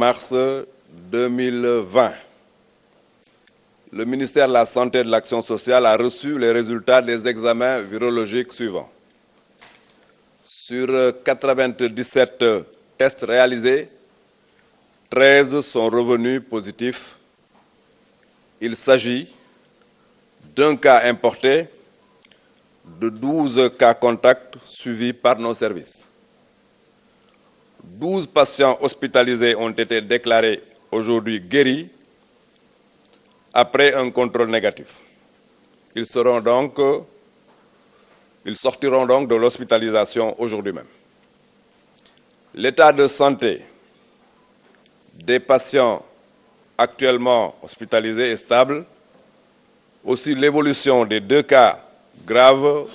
mars 2020, le ministère de la Santé et de l'Action sociale a reçu les résultats des examens virologiques suivants. Sur 97 tests réalisés, 13 sont revenus positifs. Il s'agit d'un cas importé, de 12 cas contacts suivis par nos services. 12 patients hospitalisés ont été déclarés aujourd'hui guéris après un contrôle négatif. Ils, ils sortiront donc de l'hospitalisation aujourd'hui même. L'état de santé des patients actuellement hospitalisés est stable. Aussi, l'évolution des deux cas graves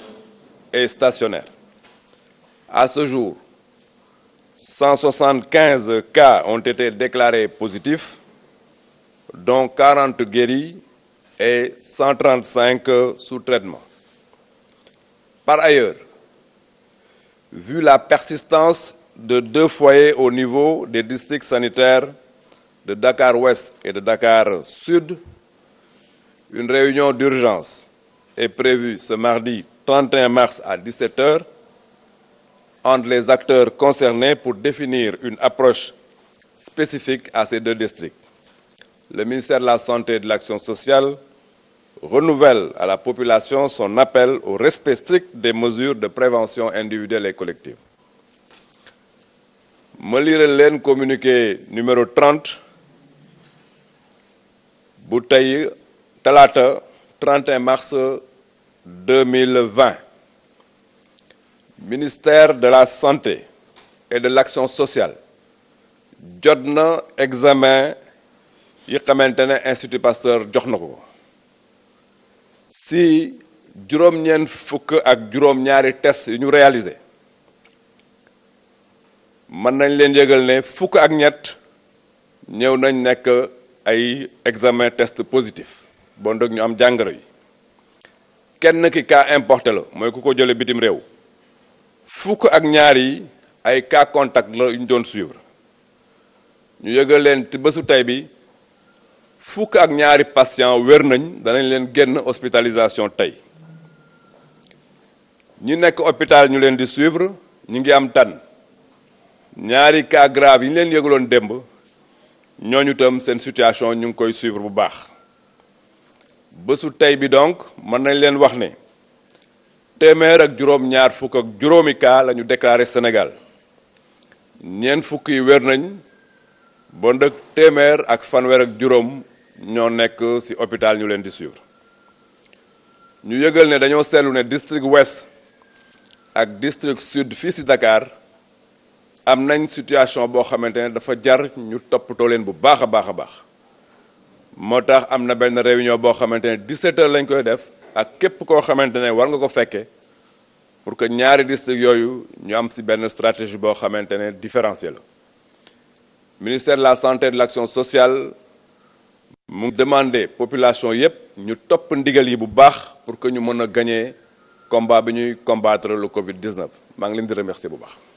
est stationnaire. À ce jour, 175 cas ont été déclarés positifs, dont 40 guéris et 135 sous traitement. Par ailleurs, vu la persistance de deux foyers au niveau des districts sanitaires de Dakar-Ouest et de Dakar-Sud, une réunion d'urgence est prévue ce mardi 31 mars à 17 heures les acteurs concernés pour définir une approche spécifique à ces deux districts. Le ministère de la Santé et de l'Action sociale renouvelle à la population son appel au respect strict des mesures de prévention individuelle et collective. Molire lire communiqué numéro 30 Bouteille, Talata, 31 mars 2020 ministère de la santé et de l'action sociale jot examen yi xamante ne institut Pasteur jox si juróom-ñeent fuk ak juróom-ñaari test yu ñu réalisé man nañ leen yëgal ne fuk ak ñett ñëw nañ nek ay examen test positif bon dog ñu am jàngoro yi ki ka importé lo, mooy kuko jole bitim réew fuk ak ñaar yi ay cas contact la ñu doon suivre ñu yëgal leen ci bésu tey bi fuk ak ñaari patient wér nañ danañ leen genn hospitalisation tey ñu nekk hôpital ñu leen di suivre ñu ngi am tan ñaari cas grave yi ñu leen yëgaloon démb ñooñu tam seen situation ñu ngi koy suivre bu baax bésu tey bi donc mën nañ leen wax ne téeméer ak juróom-ñaar fukk ak juróomi cas lañu ñu déclaré Sénégal ñeen fukk yi wér nañ bon dëkk téeméer ak fanweer ak juróom ñoo nekk ci hôpital ñu leen di suivre ñu yëgal ne dañoo seetlu ne district ouest ak district sud fii ci Dakar am nañ situation boo xamante ne dafa jar ñu toppatoo leen bu baax a baax a baax moo tax am na benn réunion boo xamante ne 17 heures lañ koy def ak képp koo xamante war pour que ñaari gens yooyu ñu am ci benn stratégie boo xamante ministère de la santé et de l'action sociale mu demandé population la population de ndigal yi bu pour que nous puissions gagner gagner combat bi combattre le Covid 19 Je ngi remercie. remercier